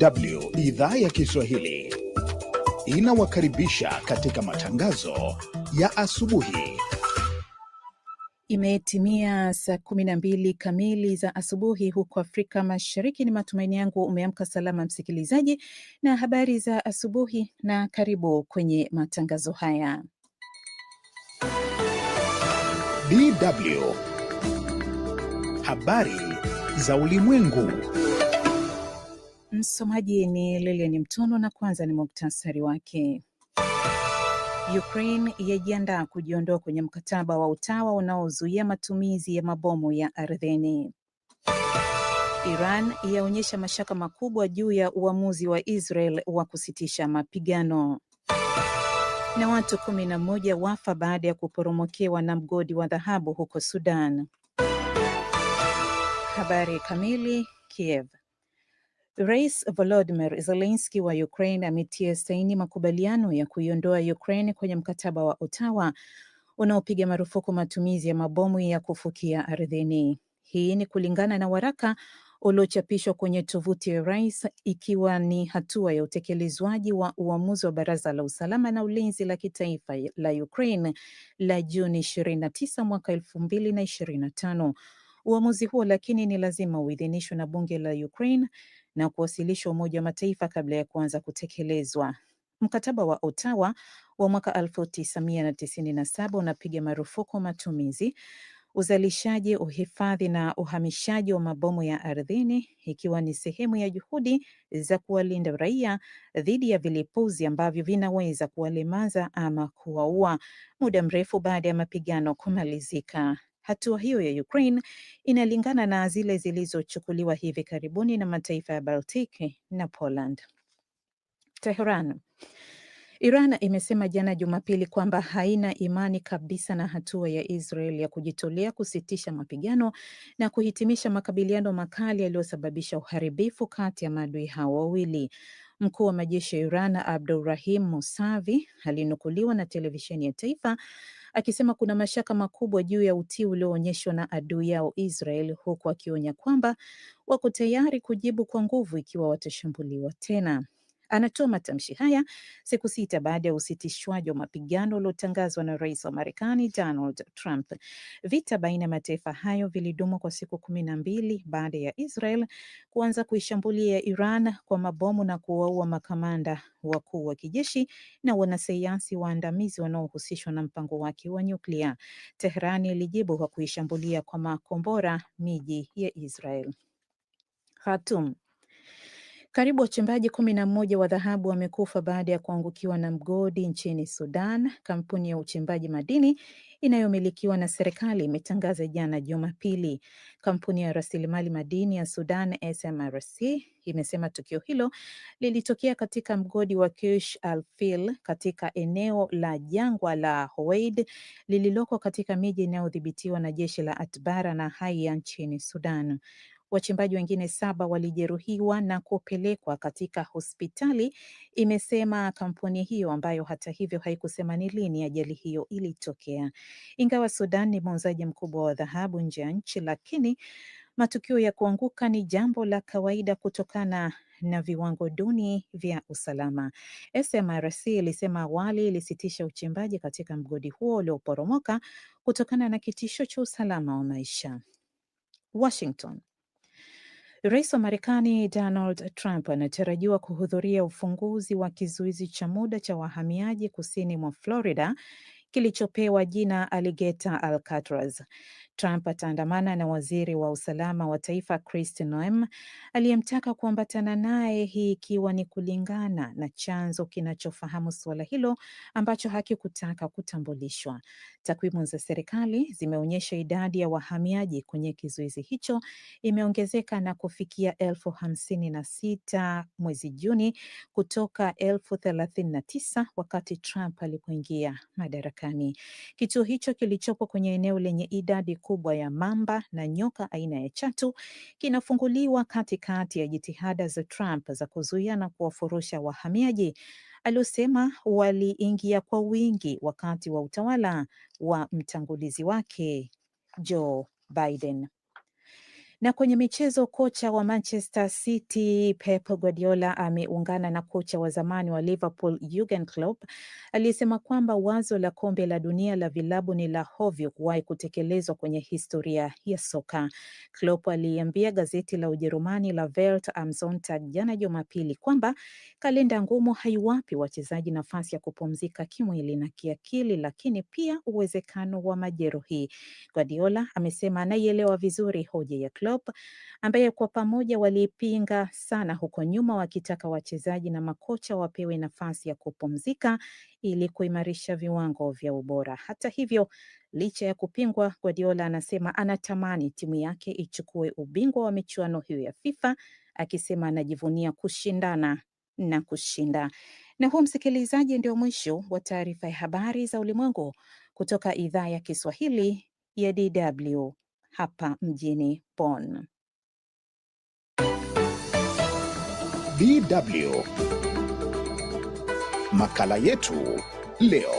DW idhaa ya Kiswahili inawakaribisha katika matangazo ya asubuhi. Imetimia saa 12 kamili za asubuhi huko Afrika Mashariki. Ni matumaini yangu umeamka salama, msikilizaji, na habari za asubuhi, na karibu kwenye matangazo haya. DW habari za ulimwengu Msomaji ni Lilian Mtono na kwanza ni muktasari wake. Ukraine yajiandaa kujiondoa kwenye mkataba wa Utawa unaozuia matumizi ya mabomu ya ardhini. Iran yaonyesha mashaka makubwa juu ya uamuzi wa Israel wa kusitisha mapigano. Na watu kumi na moja wafa baada ya kuporomokewa na mgodi wa dhahabu huko Sudan. Habari kamili. Kiev Rais Volodymyr Zelensky wa Ukraine ametia saini makubaliano ya kuiondoa Ukraine kwenye mkataba wa Ottawa unaopiga marufuku matumizi ya mabomu ya kufukia ardhini. Hii ni kulingana na waraka uliochapishwa kwenye tovuti ya rais, ikiwa ni hatua ya utekelezwaji wa uamuzi wa Baraza la Usalama na Ulinzi la Kitaifa la Ukraine la Juni 29 mwaka 2025. Uamuzi huo lakini ni lazima uidhinishwe na bunge la Ukraine na kuwasilishwa Umoja wa Mataifa kabla ya kuanza kutekelezwa. Mkataba wa Ottawa wa mwaka elfu tisamia mia tisini na saba unapiga marufuku matumizi, uzalishaji, uhifadhi na uhamishaji wa mabomu ya ardhini ikiwa ni sehemu ya juhudi za kuwalinda raia dhidi ya vilipuzi ambavyo vinaweza kuwalemaza ama kuwaua muda mrefu baada ya mapigano kumalizika. Hatua hiyo ya Ukraine inalingana na zile zilizochukuliwa hivi karibuni na mataifa ya Baltiki na Poland. Tehran. Iran imesema jana Jumapili kwamba haina imani kabisa na hatua ya Israel ya kujitolea kusitisha mapigano na kuhitimisha makabiliano makali yaliyosababisha uharibifu kati ya maadui hao wawili. Mkuu wa majeshi ya Iran abdurahim Musavi alinukuliwa na televisheni ya taifa akisema kuna mashaka makubwa juu ya utii ulioonyeshwa na adui yao Israel, huku akionya kwamba wako tayari kujibu kwa nguvu ikiwa watashambuliwa tena. Anatoa matamshi haya siku sita baada ya usitishwaji wa mapigano uliotangazwa na rais wa Marekani Donald Trump. Vita baina ya mataifa hayo vilidumu kwa siku kumi na mbili baada ya Israel kuanza kuishambulia Iran kwa mabomu na kuwaua makamanda wakuu wa kijeshi na wanasayansi waandamizi wanaohusishwa na mpango wake wa nyuklia. Teherani ilijibu kwa kuishambulia kwa makombora miji ya Israel. Khartoum karibu wachimbaji kumi na mmoja wa dhahabu wamekufa baada ya kuangukiwa na mgodi nchini Sudan. Kampuni ya uchimbaji madini inayomilikiwa na serikali imetangaza jana Jumapili. Kampuni ya rasilimali madini ya Sudan SMRC imesema tukio hilo lilitokea katika mgodi wa Kush Alfil katika eneo la jangwa la Howeid lililoko katika miji inayodhibitiwa na jeshi la Atbara na Haiya nchini Sudan. Wachimbaji wengine saba walijeruhiwa na kupelekwa katika hospitali, imesema kampuni hiyo ambayo hata hivyo haikusema ni lini ajali hiyo ilitokea. Ingawa Sudan ni muuzaji mkubwa wa dhahabu nje ya nchi, lakini matukio ya kuanguka ni jambo la kawaida kutokana na viwango duni vya usalama. SMRC ilisema awali ilisitisha uchimbaji katika mgodi huo ulioporomoka kutokana na kitisho cha usalama wa maisha. Washington Rais wa Marekani Donald Trump anatarajiwa kuhudhuria ufunguzi wa kizuizi cha muda cha wahamiaji kusini mwa Florida kilichopewa jina Alligator Alcatraz. Trump ataandamana na waziri wa usalama wa taifa Chris Noem aliyemtaka kuambatana naye, hii ikiwa ni kulingana na chanzo kinachofahamu suala hilo ambacho hakikutaka kutambulishwa. Takwimu za serikali zimeonyesha idadi ya wahamiaji kwenye kizuizi hicho imeongezeka na kufikia elfu hamsini na sita mwezi Juni kutoka elfu thelathini na tisa wakati Trump alipoingia madarakani. Kituo hicho kilichopo kwenye eneo lenye idadi kubwa ya mamba na nyoka aina ya chatu kinafunguliwa katikati ya jitihada za Trump za kuzuia na kuwafurusha wahamiaji aliosema waliingia kwa wingi wakati wa utawala wa mtangulizi wake Joe Biden. Na kwenye michezo, kocha wa Manchester City Pep Guardiola ameungana na kocha wa zamani wa Liverpool Jurgen Klopp aliyesema kwamba wazo la kombe la dunia la vilabu ni la hovyo kuwahi kutekelezwa kwenye historia ya soka. Klopp aliambia gazeti la Ujerumani la Welt am Sonntag jana Jumapili kwamba kalenda ngumu haiwapi wachezaji nafasi ya kupumzika kimwili na kiakili, lakini pia uwezekano wa majeruhi. Guardiola amesema anaielewa vizuri hoja ya Klopp Klopp ambaye kwa pamoja waliipinga sana huko nyuma, wakitaka wachezaji na makocha wapewe nafasi ya kupumzika ili kuimarisha viwango vya ubora. Hata hivyo, licha ya kupingwa, Guardiola anasema anatamani timu yake ichukue ubingwa wa michuano hiyo ya FIFA, akisema anajivunia kushindana na kushinda. Na huu, msikilizaji, ndio mwisho wa taarifa ya habari za ulimwengu kutoka idhaa ya Kiswahili ya DW hapa mjini Bonn. DW makala yetu leo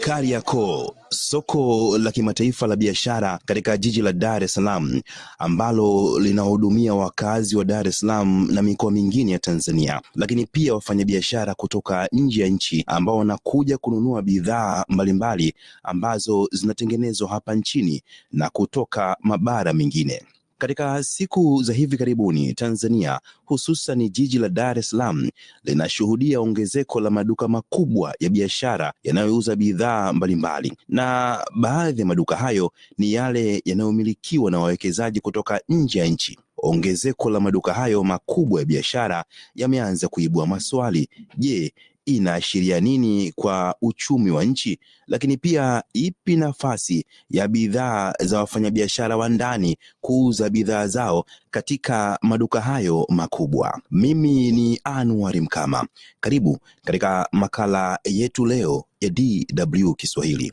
Kariakoo, soko la kimataifa la biashara katika jiji la Dar es Salaam ambalo linahudumia wakazi wa Dar es Salaam na mikoa mingine ya Tanzania, lakini pia wafanyabiashara kutoka nje ya nchi ambao wanakuja kununua bidhaa mbalimbali ambazo zinatengenezwa hapa nchini na kutoka mabara mengine. Katika siku za hivi karibuni, Tanzania hususan jiji la Dar es Salaam linashuhudia ongezeko la maduka makubwa ya biashara yanayouza bidhaa mbalimbali, na baadhi ya maduka hayo ni yale yanayomilikiwa na wawekezaji kutoka nje ya nchi. Ongezeko la maduka hayo makubwa ya biashara yameanza kuibua maswali. Je, inaashiria nini kwa uchumi wa nchi, lakini pia ipi nafasi ya bidhaa za wafanyabiashara wa ndani kuuza bidhaa zao katika maduka hayo makubwa. Mimi ni Anwar Mkama, karibu katika makala yetu leo ya DW Kiswahili.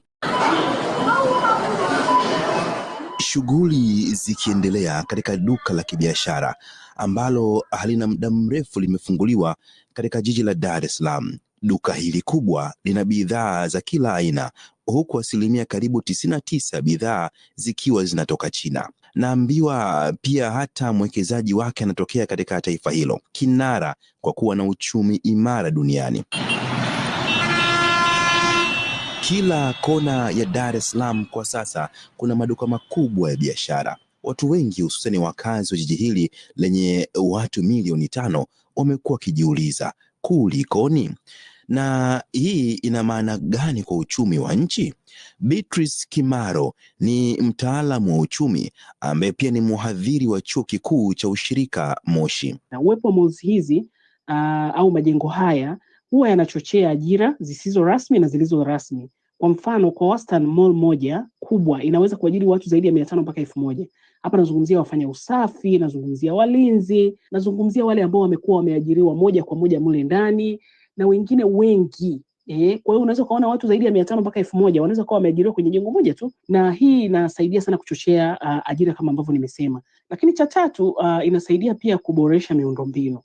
Shughuli zikiendelea katika duka la kibiashara ambalo halina muda mrefu limefunguliwa katika jiji la Dar es Salaam. Duka hili kubwa lina bidhaa za kila aina huku asilimia karibu tisini na tisa bidhaa zikiwa zinatoka China. Naambiwa pia hata mwekezaji wake anatokea katika taifa hilo kinara kwa kuwa na uchumi imara duniani. Kila kona ya Dar es Salaam kwa sasa kuna maduka makubwa ya biashara. Watu wengi hususani wakazi wa jiji hili lenye watu milioni tano wamekuwa wakijiuliza kulikoni? na hii ina maana gani kwa uchumi wa nchi? Beatrice Kimaro ni mtaalamu wa uchumi ambaye pia ni mhadhiri wa Chuo Kikuu cha Ushirika Moshi. Na uwepo wa malls hizi uh, au majengo haya huwa yanachochea ajira zisizo rasmi na zilizo rasmi. Kwa mfano, kwa wastani mall moja kubwa inaweza kuajiri watu zaidi ya mia tano mpaka elfu moja. Hapa nazungumzia wafanya usafi, nazungumzia walinzi, nazungumzia wale ambao wamekuwa wameajiriwa moja kwa moja mule ndani na wengine wengi Eh, kwa hiyo unaweza ukaona watu zaidi ya mia tano mpaka elfu moja wanaweza kuwa wameajiriwa kwenye jengo moja tu, na hii inasaidia sana kuchochea uh, ajira kama ambavyo nimesema. Lakini cha tatu uh, inasaidia pia kuboresha miundombinu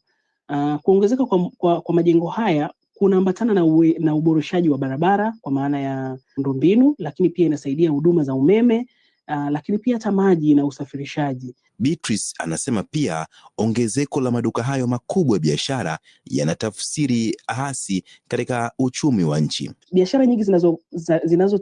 uh, kuongezeka kwa, kwa, kwa majengo haya kunaambatana na, na uboreshaji wa barabara kwa maana ya miundombinu, lakini pia inasaidia huduma za umeme uh, lakini pia hata maji na usafirishaji. Beatrice anasema pia ongezeko la maduka hayo makubwa ya biashara yana tafsiri hasi katika uchumi wa nchi. Biashara nyingi zinazouzwa zinazo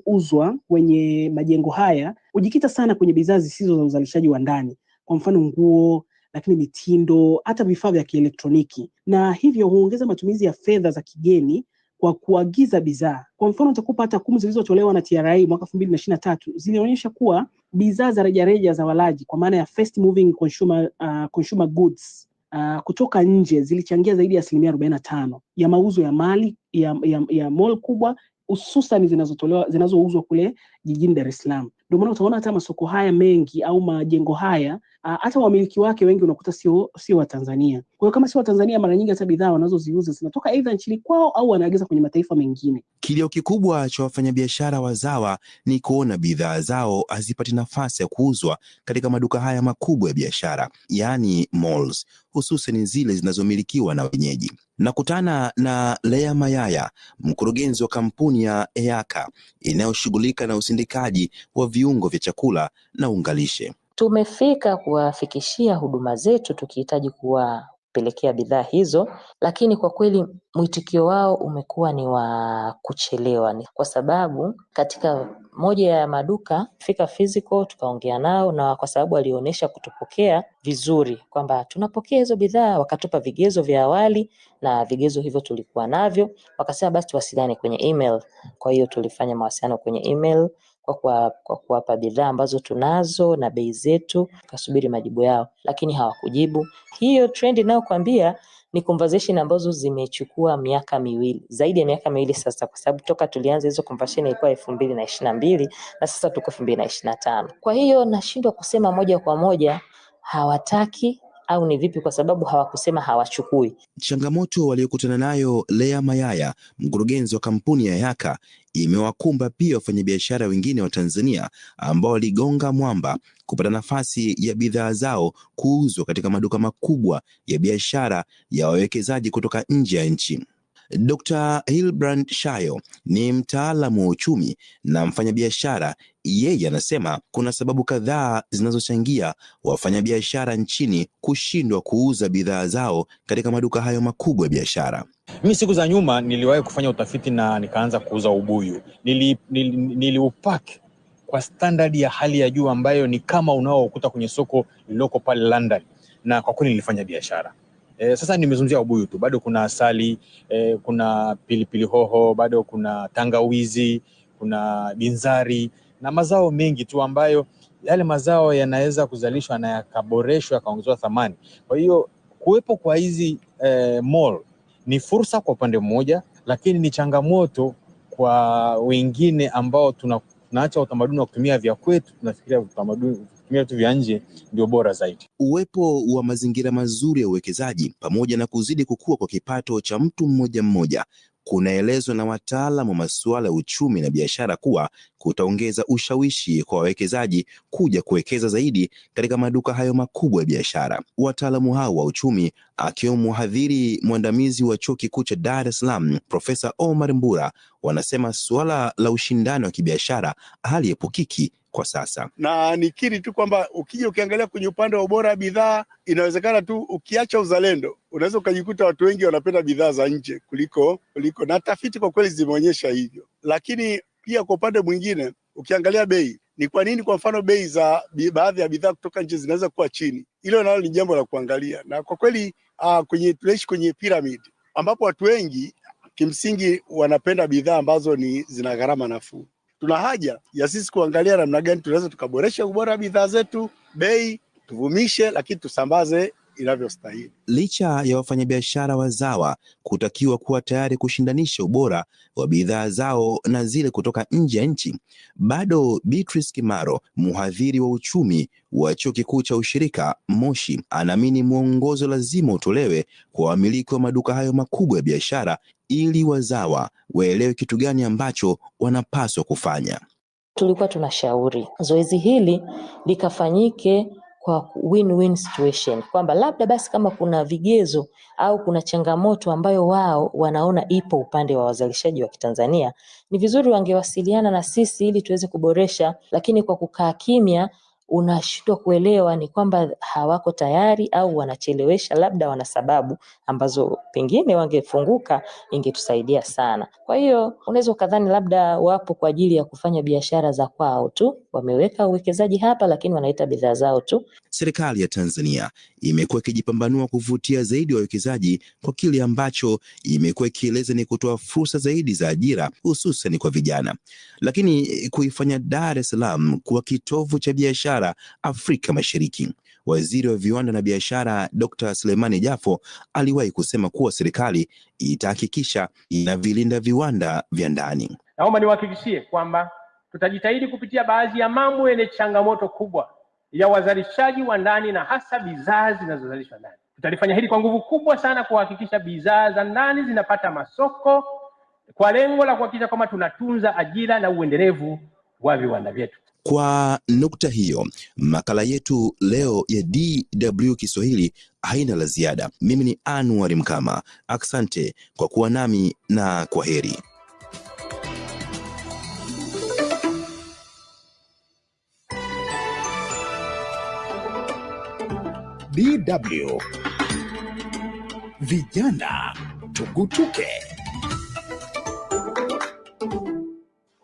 kwenye majengo haya hujikita sana kwenye bidhaa zisizo za uzalishaji wa ndani, kwa mfano nguo lakini mitindo, hata vifaa vya kielektroniki, na hivyo huongeza matumizi ya fedha za kigeni kwa kuagiza bidhaa. Kwa mfano, utakupa hata takwimu zilizotolewa na TRA mwaka elfu mbili na ishirini na tatu zilionyesha kuwa bidhaa za rejareja za walaji kwa maana ya fast moving consumer, uh, consumer goods uh, kutoka nje zilichangia zaidi ya asilimia arobaini na tano ya mauzo ya mali ya, ya, ya mall kubwa hususan zinazotolewa zinazouzwa kule jijini Dar es Salaam. Ndio maana utaona hata masoko haya mengi au majengo haya Ah, hata wamiliki wake wengi unakuta sio sio Watanzania. Kwa hiyo kama sio Watanzania, mara nyingi hata bidhaa wanazoziuza zinatoka aidha nchini kwao au wanaagiza kwenye mataifa mengine. Kilio kikubwa cha wafanyabiashara wazawa ni kuona bidhaa zao hazipati nafasi ya kuuzwa katika maduka haya makubwa ya biashara, yaani malls, hususan zile zinazomilikiwa na wenyeji. Nakutana na Lea Mayaya, mkurugenzi wa kampuni ya Eaka inayoshughulika na usindikaji wa viungo vya chakula na ungalishe. Tumefika kuwafikishia huduma zetu tukihitaji kuwapelekea bidhaa hizo, lakini kwa kweli mwitikio wao umekuwa ni wa kuchelewa, kwa sababu katika moja ya maduka fika physical tukaongea nao, na kwa sababu walionyesha kutupokea vizuri kwamba tunapokea hizo bidhaa, wakatupa vigezo vya awali na vigezo hivyo tulikuwa navyo, wakasema basi tuwasiliane kwenye email. Kwa hiyo tulifanya mawasiliano kwenye email kwa kuwapa bidhaa ambazo tunazo na bei zetu, kasubiri majibu yao, lakini hawakujibu. Hiyo trend inayokwambia ni conversation ambazo zimechukua miaka miwili, zaidi ya miaka miwili sasa, kwa sababu toka tulianza hizo conversation ilikuwa elfu mbili na ishirini na mbili na sasa tuko elfu mbili na ishirini na tano. Kwa hiyo nashindwa kusema moja kwa moja hawataki au ni vipi? Kwa sababu hawakusema hawachukui. Changamoto waliokutana nayo Lea Mayaya, mkurugenzi wa kampuni ya Yaka, imewakumba pia wafanyabiashara wengine wa Tanzania ambao waligonga mwamba kupata nafasi ya bidhaa zao kuuzwa katika maduka makubwa ya biashara ya wawekezaji kutoka nje ya nchi. Dr. Hilbrand Shayo ni mtaalamu wa uchumi na mfanyabiashara. Yeye anasema kuna sababu kadhaa zinazochangia wafanyabiashara nchini kushindwa kuuza bidhaa zao katika maduka hayo makubwa ya biashara. Mimi siku za nyuma niliwahi kufanya utafiti na nikaanza kuuza ubuyu. Nili, nili, kwa standard ya hali ya juu ambayo ni kama unaokuta kwenye soko lililoko pale London, na kwa kweli nilifanya biashara. E, sasa nimezungumzia ubuyu tu, bado kuna asali e, kuna pilipili hoho, bado kuna tangawizi, kuna binzari na mazao mengi tu ambayo yale mazao yanaweza kuzalishwa na yakaboreshwa yakaongezewa thamani. Kwa hiyo kuwepo kwa hizi e, mall ni fursa kwa upande mmoja, lakini ni changamoto kwa wengine ambao tuna tunaacha utamaduni wa kutumia vya kwetu, tunafikiria utamaduni kutumia vitu vya nje ndio bora zaidi. Uwepo wa mazingira mazuri ya uwekezaji pamoja na kuzidi kukua kwa kipato cha mtu mmoja mmoja kunaelezwa na wataalamu wa masuala ya uchumi na biashara kuwa kutaongeza ushawishi kwa wawekezaji kuja kuwekeza zaidi katika maduka hayo makubwa ya biashara. Wataalamu hao wa uchumi akiwemo mhadhiri mwandamizi wa Chuo Kikuu cha Dar es Salaam Profesa Omar Mbura wanasema suala la ushindani wa kibiashara haliepukiki, kwa sasa, na nikiri tu kwamba ukija ukiangalia kwenye upande wa ubora wa bidhaa, inawezekana tu ukiacha uzalendo, unaweza ukajikuta watu wengi wanapenda bidhaa za nje kuliko kuliko, na tafiti kwa kweli zimeonyesha hivyo. Lakini pia kwa upande mwingine ukiangalia bei, ni kwa nini kwa mfano bei za baadhi ya bidhaa kutoka nje zinaweza kuwa chini? Hilo nalo ni jambo la kuangalia, na kwa kweli uh, kwenye tunaishi kwenye pyramid ambapo watu wengi kimsingi wanapenda bidhaa ambazo ni zina gharama nafuu tuna haja ya sisi kuangalia namna gani tunaweza tukaboresha ubora wa bidhaa zetu, bei tuvumishe, lakini tusambaze inavyostahili. Licha ya wafanyabiashara wazawa kutakiwa kuwa tayari kushindanisha ubora wa bidhaa zao na zile kutoka nje ya nchi, bado Beatrice Kimaro, mhadhiri wa uchumi wa Chuo Kikuu cha Ushirika Moshi, anaamini mwongozo lazima utolewe kwa wamiliki wa maduka hayo makubwa ya biashara ili wazawa waelewe kitu gani ambacho wanapaswa kufanya. Tulikuwa tunashauri zoezi hili likafanyike kwa win-win situation kwamba labda basi kama kuna vigezo au kuna changamoto ambayo wao wanaona ipo upande wa wazalishaji wa Kitanzania, ni vizuri wangewasiliana na sisi ili tuweze kuboresha, lakini kwa kukaa kimya unashindwa kuelewa ni kwamba hawako tayari au wanachelewesha, labda wana sababu ambazo pengine wangefunguka, ingetusaidia sana. Kwa hiyo unaweza ukadhani labda wapo kwa ajili ya kufanya biashara za kwao tu, wameweka uwekezaji hapa, lakini wanaleta bidhaa zao tu. Serikali ya Tanzania imekuwa ikijipambanua kuvutia zaidi wawekezaji kwa kile ambacho imekuwa ikieleza ni kutoa fursa zaidi za ajira hususan kwa vijana, lakini kuifanya Dar es Salaam kuwa kitovu cha biashara biashara Afrika Mashariki. Waziri wa viwanda na biashara Dr. sulemani Jafo aliwahi kusema kuwa serikali itahakikisha inavilinda viwanda vya ndani. Naomba niwahakikishie kwamba tutajitahidi kupitia baadhi ya mambo yenye changamoto kubwa ya wazalishaji wa ndani na hasa bidhaa zinazozalishwa ndani. Tutalifanya hili kwa nguvu kubwa sana kuhakikisha bidhaa za ndani zinapata masoko kwa lengo la kuhakikisha kwamba tunatunza ajira na uendelevu wa viwanda vyetu. Kwa nukta hiyo, makala yetu leo ya DW Kiswahili haina la ziada. Mimi ni Anwar Mkama, asante kwa kuwa nami na kwa heri. DW Vijana Tugutuke.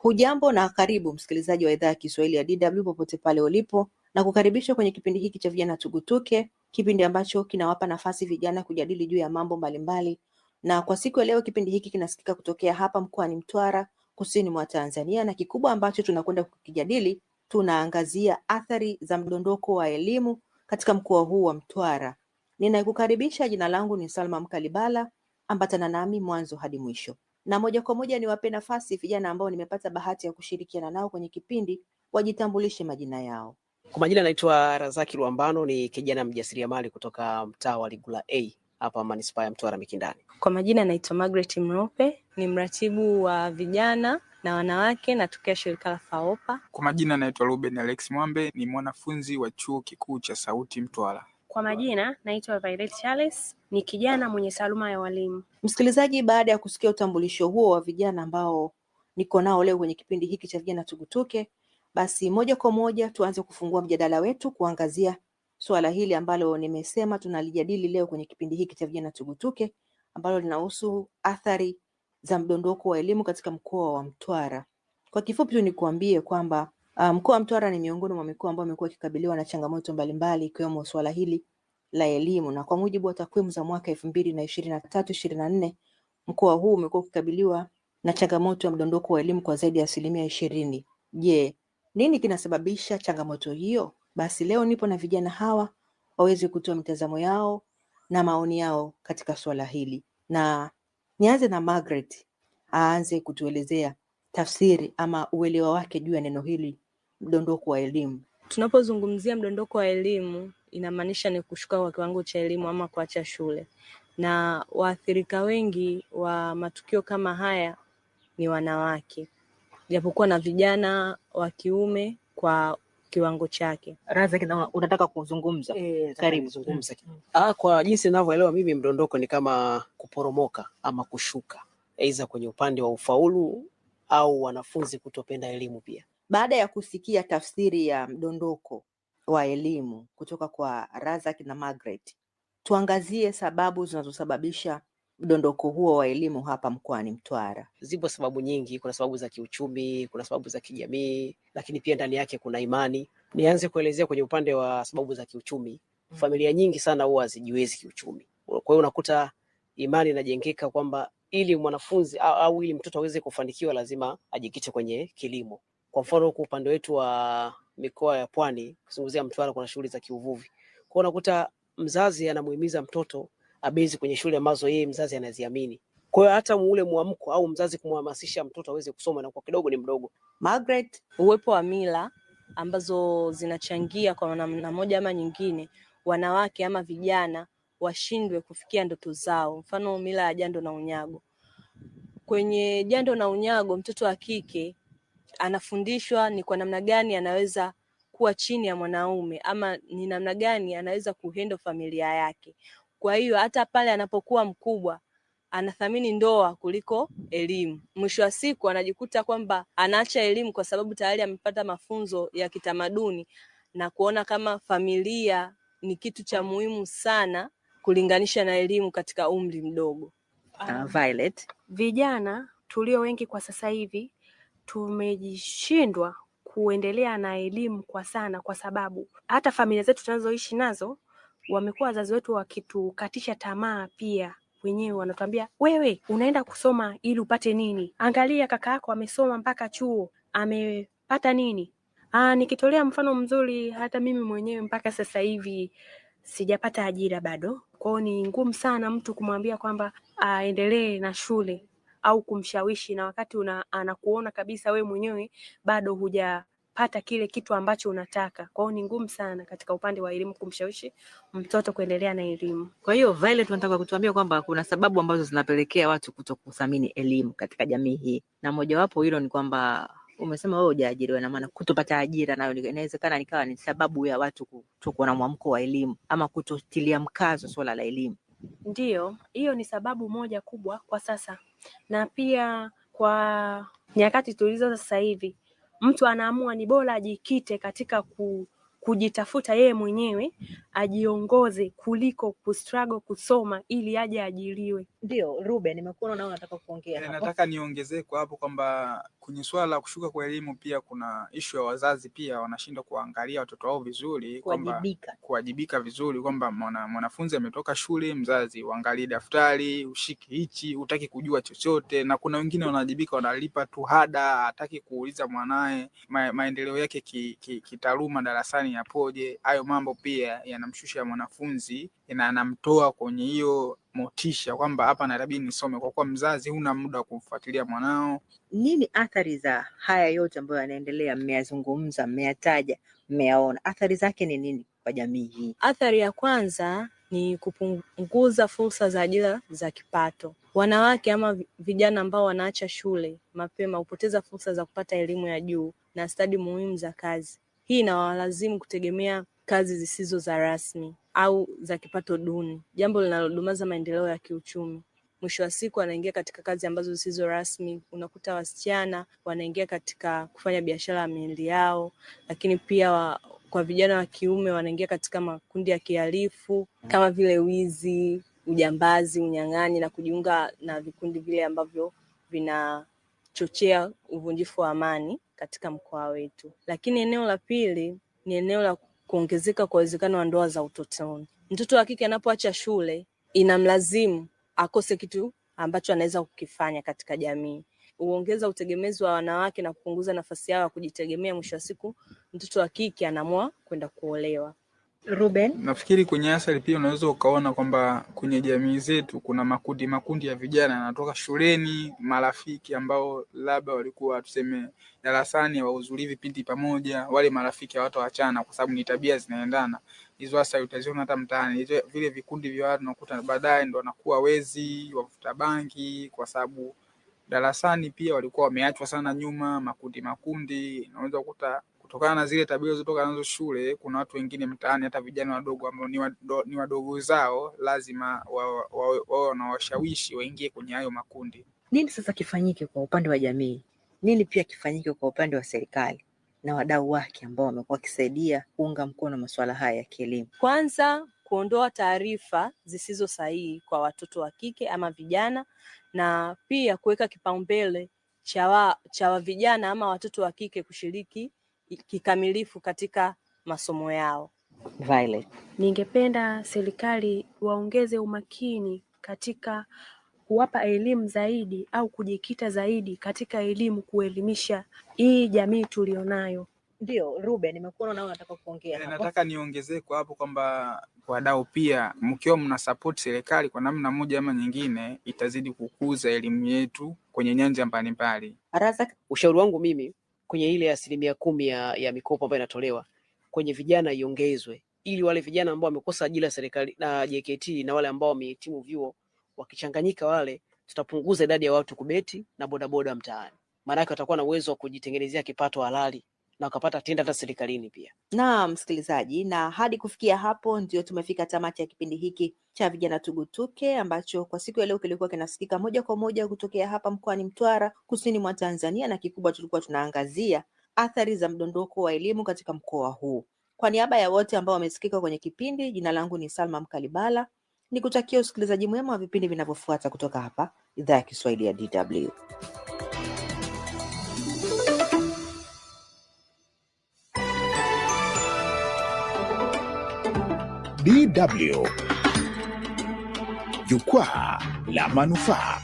Hujambo na karibu msikilizaji wa idhaa ya Kiswahili ya DW popote pale ulipo, na kukaribisha kwenye kipindi hiki cha vijana tugutuke, kipindi ambacho kinawapa nafasi vijana kujadili juu ya mambo mbalimbali. Na kwa siku ya leo, kipindi hiki kinasikika kutokea hapa mkoani Mtwara, kusini mwa Tanzania, na kikubwa ambacho tunakwenda kukijadili, tunaangazia athari za mdondoko wa elimu katika mkoa huu wa Mtwara. Ninayekukaribisha, jina langu ni Salma Mkalibala, ambatana nami mwanzo hadi mwisho na moja kwa moja niwape nafasi vijana ambao nimepata bahati ya kushirikiana nao kwenye kipindi wajitambulishe majina yao. Kwa majina anaitwa Razaki Luambano, ni kijana mjasiriamali kutoka mtaa wa Ligula A hapa manispaa ya Mtwara Mikindani. Kwa majina anaitwa Margaret Mrope, ni mratibu wa vijana na wanawake natokea shirika la FAOPA. Kwa majina anaitwa Ruben Alex Mwambe, ni mwanafunzi wa chuo kikuu cha Sauti Mtwara. Kwa majina naitwa Violet Charles, ni kijana mwenye taaluma ya walimu. Msikilizaji, baada ya kusikia utambulisho huo wa vijana ambao niko nao leo kwenye kipindi hiki cha vijana tugutuke, basi moja kwa moja tuanze kufungua mjadala wetu kuangazia suala hili ambalo nimesema tunalijadili leo kwenye kipindi hiki cha vijana tugutuke, ambalo linahusu athari za mdondoko wa elimu katika mkoa wa Mtwara. Kwa kifupi tu nikuambie kwamba Mkoa wa Mtwara ni miongoni mwa mikoa ambayo imekuwa ikikabiliwa na changamoto mbalimbali ikiwemo suala hili la elimu na kwa mujibu wa takwimu za mwaka elfu mbili na ishirini na tatu ishirini na nne mkoa huu umekuwa ukikabiliwa na changamoto ya mdondoko wa elimu kwa zaidi ya asilimia ishirini. Je, nini kinasababisha changamoto hiyo? Basi leo nipo na vijana hawa waweze kutoa mitazamo yao na maoni yao katika suala hili, na nianze na Margaret aanze kutuelezea tafsiri ama uelewa wake juu ya neno hili mdondoko wa elimu. Tunapozungumzia mdondoko wa elimu, inamaanisha ni kushuka kwa kiwango cha elimu ama kuacha shule, na waathirika wengi wa matukio kama haya ni wanawake, japokuwa na vijana wa kiume kwa kiwango chake. Raza, unataka kuzungumza? E, karibu zungumza. Mm. Ah, kwa jinsi ninavyoelewa mimi mdondoko ni kama kuporomoka ama kushuka, aidha kwenye upande wa ufaulu au wanafunzi kutopenda elimu pia baada ya kusikia tafsiri ya mdondoko wa elimu kutoka kwa Razak na Margaret, tuangazie sababu zinazosababisha mdondoko huo wa elimu hapa mkoani Mtwara. Zipo sababu nyingi, kuna sababu za kiuchumi, kuna sababu za kijamii, lakini pia ndani yake kuna imani. Nianze kuelezea kwenye upande wa sababu za kiuchumi. Mm. Familia nyingi sana huwa hazijiwezi kiuchumi, kwa hiyo unakuta imani inajengeka kwamba ili mwanafunzi au ili mtoto aweze kufanikiwa lazima ajikite kwenye kilimo. Kwa mfano huku upande wetu wa mikoa ya Pwani, kuzungumzia Mtwara, kuna shughuli za kiuvuvi. Kwa unakuta mzazi anamuhimiza mtoto abezi kwenye shule ambazo yeye mzazi anaziamini. Kwa hiyo hata ule mwamko au mzazi kumhamasisha mtoto aweze kusoma na kwa kidogo ni mdogo. Margaret, uwepo wa mila ambazo zinachangia kwa namna moja ama nyingine wanawake ama vijana washindwe kufikia ndoto zao, mfano mila ya jando na unyago. Kwenye jando na unyago, mtoto wa kike anafundishwa ni kwa namna gani anaweza kuwa chini ya mwanaume ama ni namna gani anaweza kuhendo familia yake. Kwa hiyo hata pale anapokuwa mkubwa anathamini ndoa kuliko elimu. Mwisho wa siku anajikuta kwamba anaacha elimu kwa sababu tayari amepata mafunzo ya kitamaduni na kuona kama familia ni kitu cha muhimu sana kulinganisha na elimu katika umri mdogo. Uh, Violet, vijana tulio wengi kwa sasa hivi tumejishindwa kuendelea na elimu kwa sana, kwa sababu hata familia zetu tunazoishi nazo wamekuwa wazazi wetu wakitukatisha tamaa pia wenyewe wanatuambia, wewe unaenda kusoma ili upate nini? Angalia kaka yako amesoma mpaka chuo, amepata nini? Aa, nikitolea mfano mzuri, hata mimi mwenyewe mpaka sasa hivi sijapata ajira bado. Kwao ni ngumu sana mtu kumwambia kwamba aendelee na shule au kumshawishi, na wakati una, anakuona kabisa we mwenyewe bado hujapata kile kitu ambacho unataka. Kwa hiyo ni ngumu sana katika upande wa elimu kumshawishi mtoto kuendelea na elimu. Kwa hiyo Violet, nataka kutuambia kwamba kuna sababu ambazo zinapelekea watu kuto elimu katika jamii hii, na mojawapo hilo ni kwamba umesema wewe hujaajiriwa, na maana kutopata ajira nayo inawezekana nikawa ni sababu ya watu kutokuwa na mwamko wa elimu ama kutotilia mkazo swala la elimu. Ndiyo, hiyo ni sababu moja kubwa kwa sasa, na pia kwa nyakati tulizo sasa hivi mtu anaamua ni bora ajikite katika ku, kujitafuta yeye mwenyewe ajiongoze kuliko kustruggle kusoma ili aje ajiriwe. Ndio Ruben, nimekuona nao nataka kuongea eh, hapo. nataka niongezee kwa hapo kwamba kwenye swala la kushuka kwa elimu pia kuna ishu ya wazazi pia wanashindwa kuangalia watoto wao vizuri, kwamba kuwajibika vizuri, kwamba mwanafunzi ametoka shule, mzazi uangalie daftari, ushiki hichi, utaki kujua chochote. Na kuna wengine wanawajibika, wanalipa tu hada, hataki kuuliza mwanaye ma, maendeleo yake kitaaluma ki, ki darasani yapoje. Hayo mambo pia yanamshusha mwanafunzi na anamtoa kwenye hiyo motisha kwamba hapa inabidi nisome, kwa kuwa mzazi huna muda wa kumfuatilia mwanao. Nini athari za haya yote ambayo yanaendelea? Mmeyazungumza, mmeyataja, mmeyaona, athari zake ni nini kwa jamii hii? Athari ya kwanza ni kupunguza fursa za ajira za kipato. Wanawake ama vijana ambao wanaacha shule mapema hupoteza fursa za kupata elimu ya juu na stadi muhimu za kazi. Hii inawalazimu kutegemea kazi zisizo za rasmi au za kipato duni, jambo linalodumaza maendeleo ya kiuchumi. Mwisho wa siku wanaingia katika kazi ambazo zisizo rasmi. Unakuta wasichana wanaingia katika kufanya biashara ya miili yao, lakini pia wa, kwa vijana wa kiume wanaingia katika makundi ya kihalifu kama vile wizi, ujambazi, unyang'anyi na kujiunga na vikundi vile ambavyo vinachochea uvunjifu wa amani katika mkoa wetu. Lakini eneo la pili ni eneo la kuongezeka kwa uwezekano wa ndoa za utotoni. Mtoto wa kike anapoacha shule, inamlazimu akose kitu ambacho anaweza kukifanya katika jamii, huongeza utegemezi wa wanawake na kupunguza nafasi yao ya kujitegemea. Mwisho wa siku, mtoto wa kike anaamua kwenda kuolewa. Ruben, nafikiri kwenye athari pia unaweza ukaona kwamba kwenye jamii zetu kuna makundi makundi ya vijana yanatoka shuleni, marafiki ambao labda walikuwa tuseme darasani hawahudhurii vipindi pamoja, wale marafiki wachana, kwa sababu ni tabia zinaendana. Hizo athari utaziona hata mtaani, vile vikundi vya watu nakuta baadaye ndo wanakuwa wezi, wavuta bangi, kwa sababu darasani pia walikuwa wameachwa sana nyuma, makundi makundi, unaweza kukuta kutokana na zile tabia zilizotoka nazo shule, kuna watu wengine mtaani, hata vijana wadogo ambao ni, wado, ni wadogo zao, lazima wao wanawashawishi wa, wa, waingie kwenye hayo makundi. Nini sasa kifanyike kwa upande wa jamii? Nini pia kifanyike kwa upande wa serikali na wadau wake ambao wamekuwa wakisaidia kuunga mkono masuala haya ya kielimu? Kwanza, kuondoa taarifa zisizo sahihi kwa watoto wa kike ama vijana, na pia kuweka kipaumbele cha wa vijana ama watoto wa kike kushiriki kikamilifu katika masomo yao. Violet. Ningependa serikali waongeze umakini katika kuwapa elimu zaidi au kujikita zaidi katika elimu kuelimisha hii jamii tulionayo. Ndio, Ruben, nimekuona nao nataka kuongea. E, nataka niongezee kwa hapo kwamba wadau pia mkiwa mna support serikali kwa namna moja ama nyingine, itazidi kukuza elimu yetu kwenye nyanja mbalimbali. Razak, ushauri wangu mimi kwenye ile asilimia kumi ya, ya mikopo ambayo inatolewa kwenye vijana iongezwe, ili wale vijana ambao wamekosa ajira serikali na JKT na wale ambao wamehitimu vyuo wakichanganyika, wale tutapunguza idadi ya watu kubeti na bodaboda mtaani, maanake watakuwa na uwezo wa kujitengenezea kipato halali na wakapata tenda hata serikalini pia. Naam msikilizaji, na hadi kufikia hapo ndio tumefika tamati ya kipindi hiki cha Vijana Tugutuke ambacho kwa siku ya leo kilikuwa kinasikika moja kwa moja kutokea hapa mkoani Mtwara, kusini mwa Tanzania, na kikubwa tulikuwa tunaangazia athari za mdondoko wa elimu katika mkoa huu. Kwa niaba ya wote ambao wamesikika kwenye kipindi, jina langu ni Salma Mkalibala, nikutakia usikilizaji mwema wa vipindi vinavyofuata kutoka hapa idhaa ya Kiswahili ya DW. DW, jukwaa la manufaa.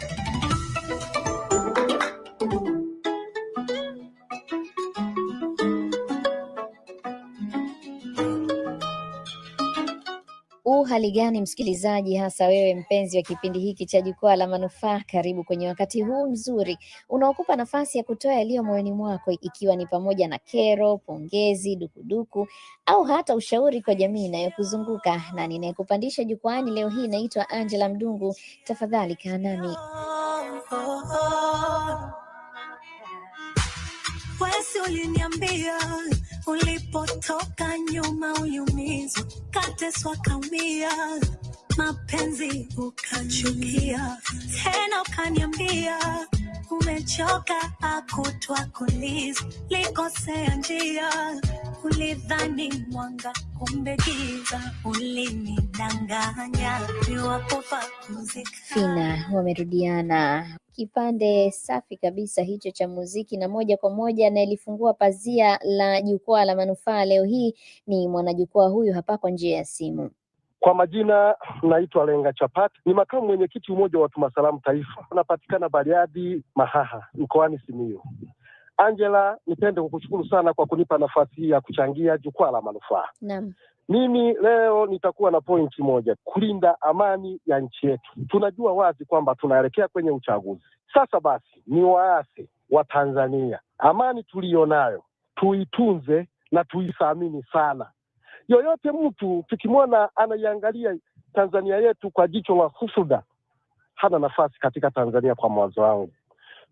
hali gani msikilizaji, hasa wewe mpenzi wa kipindi hiki cha Jukwaa la Manufaa? Karibu kwenye wakati huu mzuri unaokupa nafasi ya kutoa yaliyo moyoni mwako, ikiwa ni pamoja na kero, pongezi, dukuduku au hata ushauri kwa jamii inayokuzunguka. Na ninayekupandisha jukwaani leo hii naitwa Angela Mdungu. Tafadhali kaa nami ulipotoka nyuma, uyumizo kateswa, kaumia, mapenzi ukachukia, tena ukaniambia umechoka, akutwa kuliza, likosea njia, ulidhani mwanga, kumbe giza, ulinidanganya, iwapofa kuzika. Fina wamerudiana kipande safi kabisa hicho cha muziki, na moja kwa moja anayelifungua pazia la jukwaa la manufaa leo hii ni mwanajukwaa huyu hapa kwa njia ya simu. Kwa majina naitwa Lenga Chapat, ni makamu mwenyekiti umoja wa Tumasalamu Taifa, unapatikana Bariadi Mahaha, mkoani Simiyu. Angela, nipende kukushukuru sana kwa kunipa nafasi hii ya kuchangia jukwaa la manufaa. Naam. Mimi leo nitakuwa na pointi moja, kulinda amani ya nchi yetu. Tunajua wazi kwamba tunaelekea kwenye uchaguzi. Sasa basi, ni waasi wa Tanzania, amani tuliyo nayo tuitunze na tuithamini sana. Yoyote mtu tukimwona anaiangalia Tanzania yetu kwa jicho la husuda, hana nafasi katika Tanzania, kwa mawazo wangu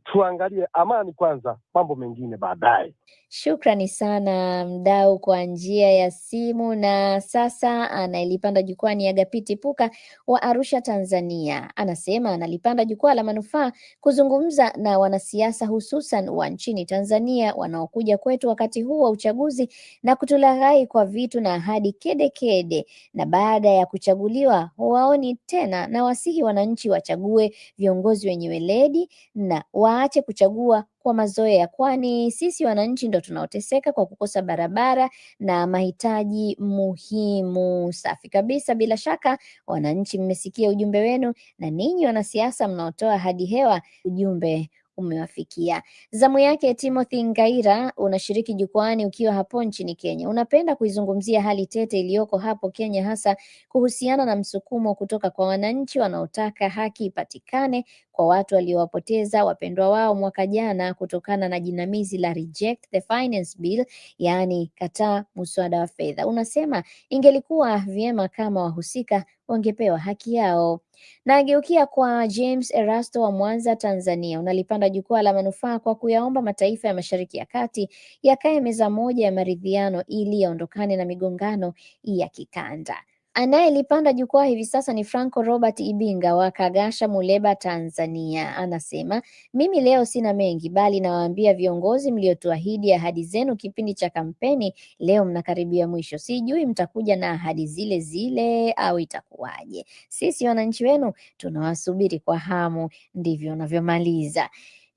tuangalie amani kwanza, mambo mengine baadaye. Shukrani sana mdau kwa njia ya simu. Na sasa anayelipanda jukwaa ni Agapiti Puka wa Arusha, Tanzania. Anasema analipanda jukwaa la manufaa kuzungumza na wanasiasa hususan wa nchini Tanzania wanaokuja kwetu wakati huu wa uchaguzi na kutulaghai kwa vitu na ahadi kede kede, na baada ya kuchaguliwa waoni tena, na wasihi wananchi wachague viongozi wenye weledi na wa waache kuchagua kwa mazoea, kwani sisi wananchi ndo tunaoteseka kwa kukosa barabara na mahitaji muhimu. Safi kabisa. Bila shaka wananchi, mmesikia ujumbe wenu, na ninyi wanasiasa mnaotoa hadi hewa ujumbe umewafikia. Zamu yake Timothy Ngaira, unashiriki jukwani ukiwa hapo nchini Kenya. Unapenda kuizungumzia hali tete iliyoko hapo Kenya, hasa kuhusiana na msukumo kutoka kwa wananchi wanaotaka haki ipatikane kwa watu waliowapoteza wapendwa wao mwaka jana kutokana na jinamizi la Reject the Finance Bill, yaani kataa muswada wa fedha. Unasema ingelikuwa vyema kama wahusika wangepewa haki yao. Na kwa James Erasto wa Mwanza, Tanzania, unalipanda jukwaa la manufaa kwa kuyaomba mataifa ya Mashariki ya Kati yakae meza moja ya maridhiano ili yaondokane na migongano ya kikanda. Anayelipanda jukwaa hivi sasa ni Franco Robert Ibinga wa Kagasha, Muleba, Tanzania. Anasema, mimi leo sina mengi, bali nawaambia viongozi mliotuahidi ahadi zenu kipindi cha kampeni, leo mnakaribia mwisho. Sijui mtakuja na ahadi zile zile au itakuwaje? Sisi wananchi wenu tunawasubiri kwa hamu. Ndivyo unavyomaliza.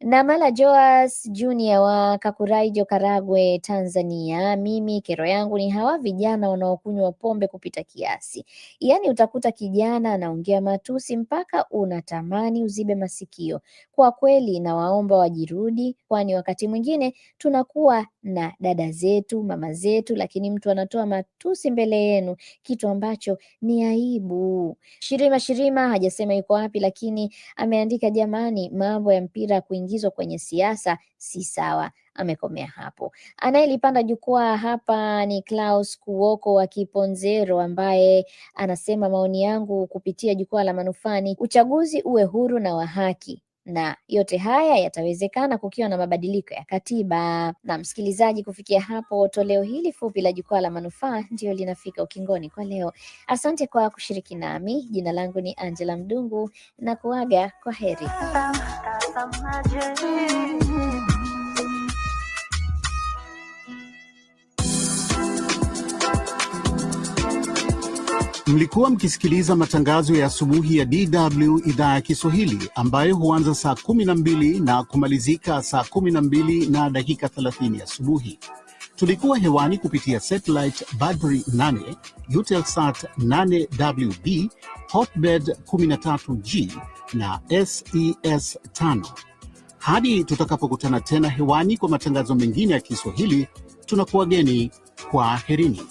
Na Mala Joas Junior wa Kakuraijo, Karagwe, Tanzania. Mimi kero yangu ni hawa vijana wanaokunywa pombe kupita kiasi, yaani utakuta kijana anaongea matusi mpaka unatamani uzibe masikio. Kwa kweli, nawaomba wajirudi, kwani wakati mwingine tunakuwa na dada zetu, mama zetu, lakini mtu anatoa matusi mbele yenu, kitu ambacho ni aibu. Shirima Shirima hajasema yuko wapi, lakini ameandika jamani, mambo ya mpira kuingia kuingizwa kwenye siasa si sawa. Amekomea hapo. Anayelipanda jukwaa hapa ni Klaus Kuoko wa Kiponzero, ambaye anasema maoni yangu kupitia jukwaa la manufaa ni uchaguzi uwe huru na wa haki na yote haya yatawezekana kukiwa na mabadiliko ya katiba. Na msikilizaji, kufikia hapo, toleo hili fupi la jukwaa la manufaa ndio linafika ukingoni kwa leo. Asante kwa kushiriki nami. Jina langu ni Angela Mdungu na kuaga kwa heri. Mlikuwa mkisikiliza matangazo ya asubuhi ya DW idhaa ya Kiswahili ambayo huanza saa 12 na kumalizika saa 12 na dakika 30 asubuhi. Tulikuwa hewani kupitia satellite Badbury 8, Utelsat 8WB Hotbed 13G na SES 5. E Hadi tutakapokutana tena hewani kwa matangazo mengine ya Kiswahili, tunakuwageni kwa herini.